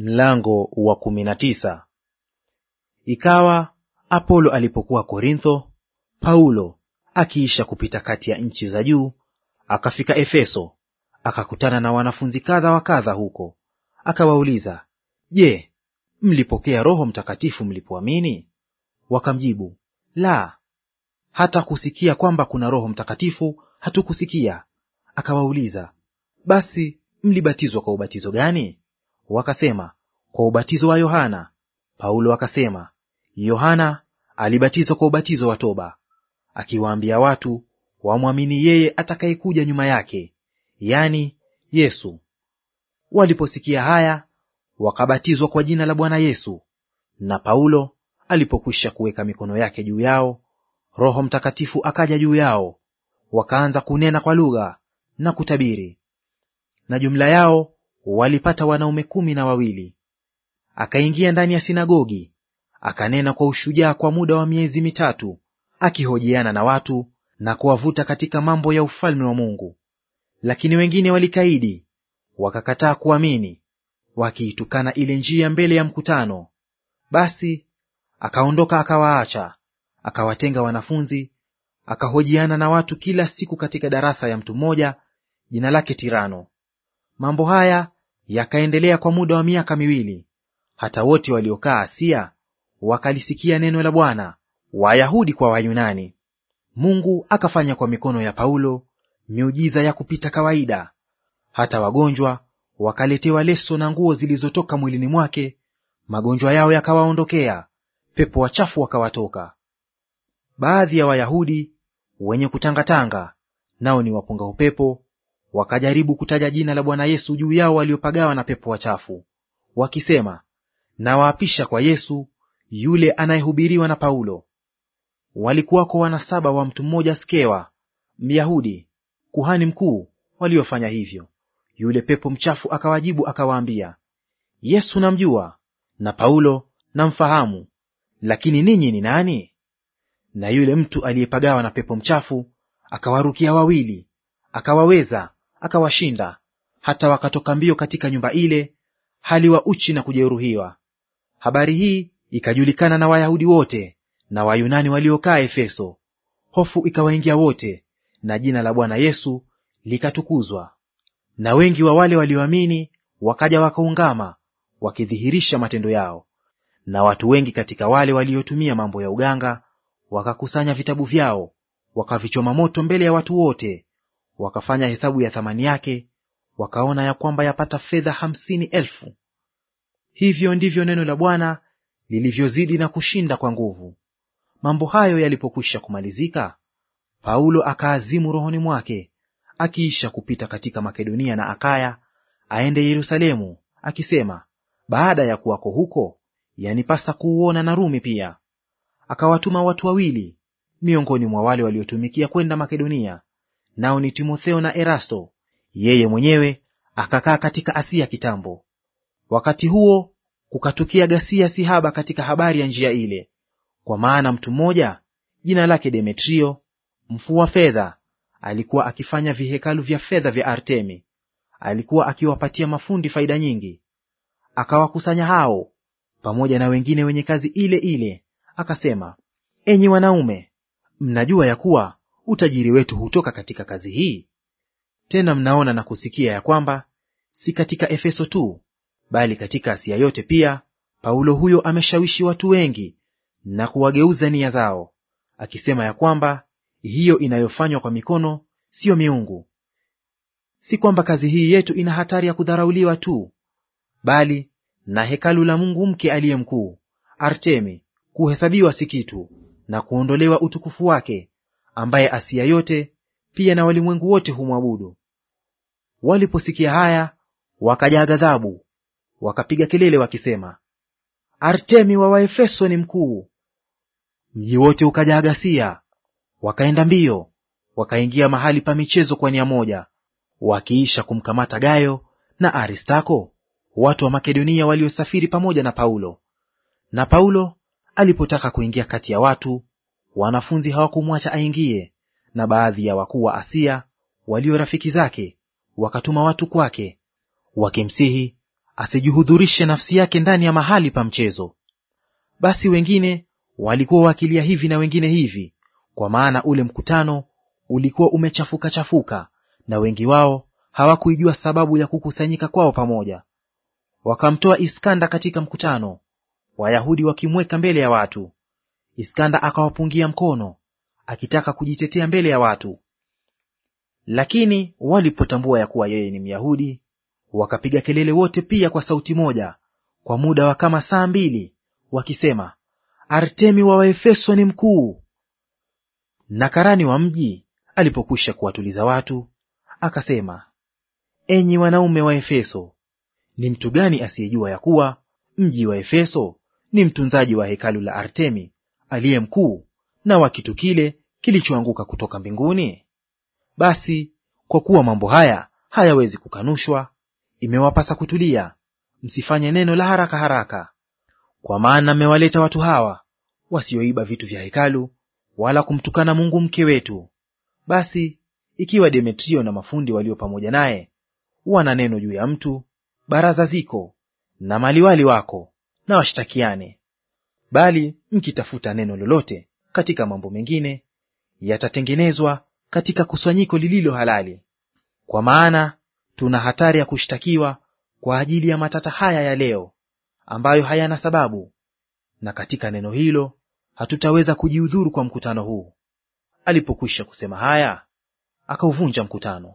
Mlango wa kumi na tisa. Ikawa Apolo alipokuwa Korintho, Paulo akiisha kupita kati ya nchi za juu, akafika Efeso, akakutana na wanafunzi kadha wa kadha huko. Akawauliza, "Je, mlipokea Roho Mtakatifu mlipoamini?" Wakamjibu, "La, hata kusikia kwamba kuna Roho Mtakatifu hatukusikia." Akawauliza, "Basi mlibatizwa kwa ubatizo gani?" wakasema, kwa ubatizo wa Yohana. Paulo akasema, Yohana alibatizwa kwa ubatizo wa toba, akiwaambia watu wamwamini yeye atakayekuja nyuma yake, yani Yesu. Waliposikia haya, wakabatizwa kwa jina la Bwana Yesu. Na Paulo alipokwisha kuweka mikono yake juu yao, Roho Mtakatifu akaja juu yao, wakaanza kunena kwa lugha na kutabiri. Na jumla yao walipata wanaume kumi na wawili. Akaingia ndani ya sinagogi akanena kwa ushujaa kwa muda wa miezi mitatu, akihojiana na watu na kuwavuta katika mambo ya ufalme wa Mungu. Lakini wengine walikaidi, wakakataa kuamini, wakiitukana ile njia mbele ya mkutano. Basi akaondoka akawaacha, akawatenga wanafunzi, akahojiana na watu kila siku katika darasa ya mtu mmoja jina lake Tirano. Mambo haya yakaendelea kwa muda wa miaka miwili, hata wote waliokaa Asia wakalisikia neno la Bwana, Wayahudi kwa Wayunani. Mungu akafanya kwa mikono ya Paulo miujiza ya kupita kawaida, hata wagonjwa wakaletewa leso na nguo zilizotoka mwilini mwake, magonjwa yao yakawaondokea, pepo wachafu wakawatoka. Baadhi ya Wayahudi wenye kutangatanga, nao ni wapunga upepo, Wakajaribu kutaja jina la Bwana Yesu juu yao waliopagawa na pepo wachafu, wakisema, nawaapisha kwa Yesu yule anayehubiriwa na Paulo. Walikuwako wana saba wa mtu mmoja Skewa, Myahudi, kuhani mkuu, waliofanya hivyo. Yule pepo mchafu akawajibu akawaambia, Yesu namjua na Paulo namfahamu, lakini ninyi ni nani? Na yule mtu aliyepagawa na pepo mchafu akawarukia wawili, akawaweza, akawashinda, hata wakatoka mbio katika nyumba ile hali wa uchi na kujeruhiwa. Habari hii ikajulikana na Wayahudi wote na Wayunani waliokaa Efeso. Hofu ikawaingia wote, na jina la Bwana Yesu likatukuzwa. Na wengi wa wale walioamini wakaja wakaungama, wakidhihirisha matendo yao. Na watu wengi katika wale waliotumia mambo ya uganga wakakusanya vitabu vyao, wakavichoma moto mbele ya watu wote, Wakafanya hesabu ya thamani yake, wakaona ya kwamba yapata fedha hamsini elfu. Hivyo ndivyo neno la Bwana lilivyozidi na kushinda kwa nguvu. Mambo hayo yalipokwisha kumalizika, Paulo akaazimu rohoni mwake, akiisha kupita katika Makedonia na Akaya, aende Yerusalemu, akisema, baada ya kuwako huko yanipasa kuuona na Rumi pia. Akawatuma watu wawili miongoni mwa wale waliotumikia kwenda Makedonia, nao ni Timotheo na Erasto, yeye mwenyewe akakaa katika Asia kitambo. Wakati huo kukatukia ghasia sihaba katika habari ya njia ile, kwa maana mtu mmoja jina lake Demetrio mfua fedha alikuwa akifanya vihekalu vya fedha vya Artemi, alikuwa akiwapatia mafundi faida nyingi. Akawakusanya hao pamoja na wengine wenye kazi ile ile, akasema, enyi wanaume, mnajua ya kuwa utajiri wetu hutoka katika kazi hii? Tena mnaona na kusikia ya kwamba si katika Efeso tu, bali katika Asia yote pia Paulo huyo ameshawishi watu wengi na kuwageuza nia zao, akisema ya kwamba hiyo inayofanywa kwa mikono siyo miungu. Si kwamba kazi hii yetu ina hatari ya kudharauliwa tu, bali na hekalu la Mungu mke aliye mkuu Artemi kuhesabiwa si kitu na kuondolewa utukufu wake ambaye Asia yote pia na walimwengu wote humwabudu. Waliposikia haya, wakajaa ghadhabu, wakapiga kelele wakisema, Artemi wa Waefeso ni mkuu. Mji wote ukajaa ghasia, wakaenda mbio, wakaingia mahali pa michezo kwa nia moja, wakiisha kumkamata Gayo na Aristako, watu wa Makedonia waliosafiri pamoja na Paulo. Na Paulo alipotaka kuingia kati ya watu, Wanafunzi hawakumwacha aingie, na baadhi ya wakuu wa Asia walio rafiki zake wakatuma watu kwake wakimsihi asijihudhurishe nafsi yake ndani ya mahali pa mchezo. Basi wengine walikuwa wakilia hivi na wengine hivi, kwa maana ule mkutano ulikuwa umechafuka chafuka, na wengi wao hawakuijua sababu ya kukusanyika kwao pamoja. Wakamtoa Iskanda katika mkutano, Wayahudi wakimweka mbele ya watu. Iskanda akawapungia mkono akitaka kujitetea mbele ya watu, lakini walipotambua ya kuwa yeye ni Myahudi wakapiga kelele wote pia kwa sauti moja kwa muda wa kama saa mbili wakisema, Artemi wa Waefeso ni mkuu. Na karani wa mji alipokwisha kuwatuliza watu, akasema, enyi wanaume wa Efeso, ni mtu gani asiyejua ya kuwa mji wa Efeso ni mtunzaji wa hekalu la Artemi aliye mkuu na wa kitu kile kilichoanguka kutoka mbinguni? Basi kwa kuwa mambo haya hayawezi kukanushwa, imewapasa kutulia, msifanye neno la haraka haraka. Kwa maana mmewaleta watu hawa wasioiba vitu vya hekalu, wala kumtukana Mungu mke wetu. Basi ikiwa Demetrio na mafundi walio pamoja naye wana neno juu ya mtu, baraza ziko na maliwali wako, na washtakiane. Bali mkitafuta neno lolote katika mambo mengine, yatatengenezwa katika kusanyiko lililo halali. Kwa maana tuna hatari ya kushtakiwa kwa ajili ya matata haya ya leo, ambayo hayana sababu, na katika neno hilo hatutaweza kujiudhuru kwa mkutano huu. Alipokwisha kusema haya, akauvunja mkutano.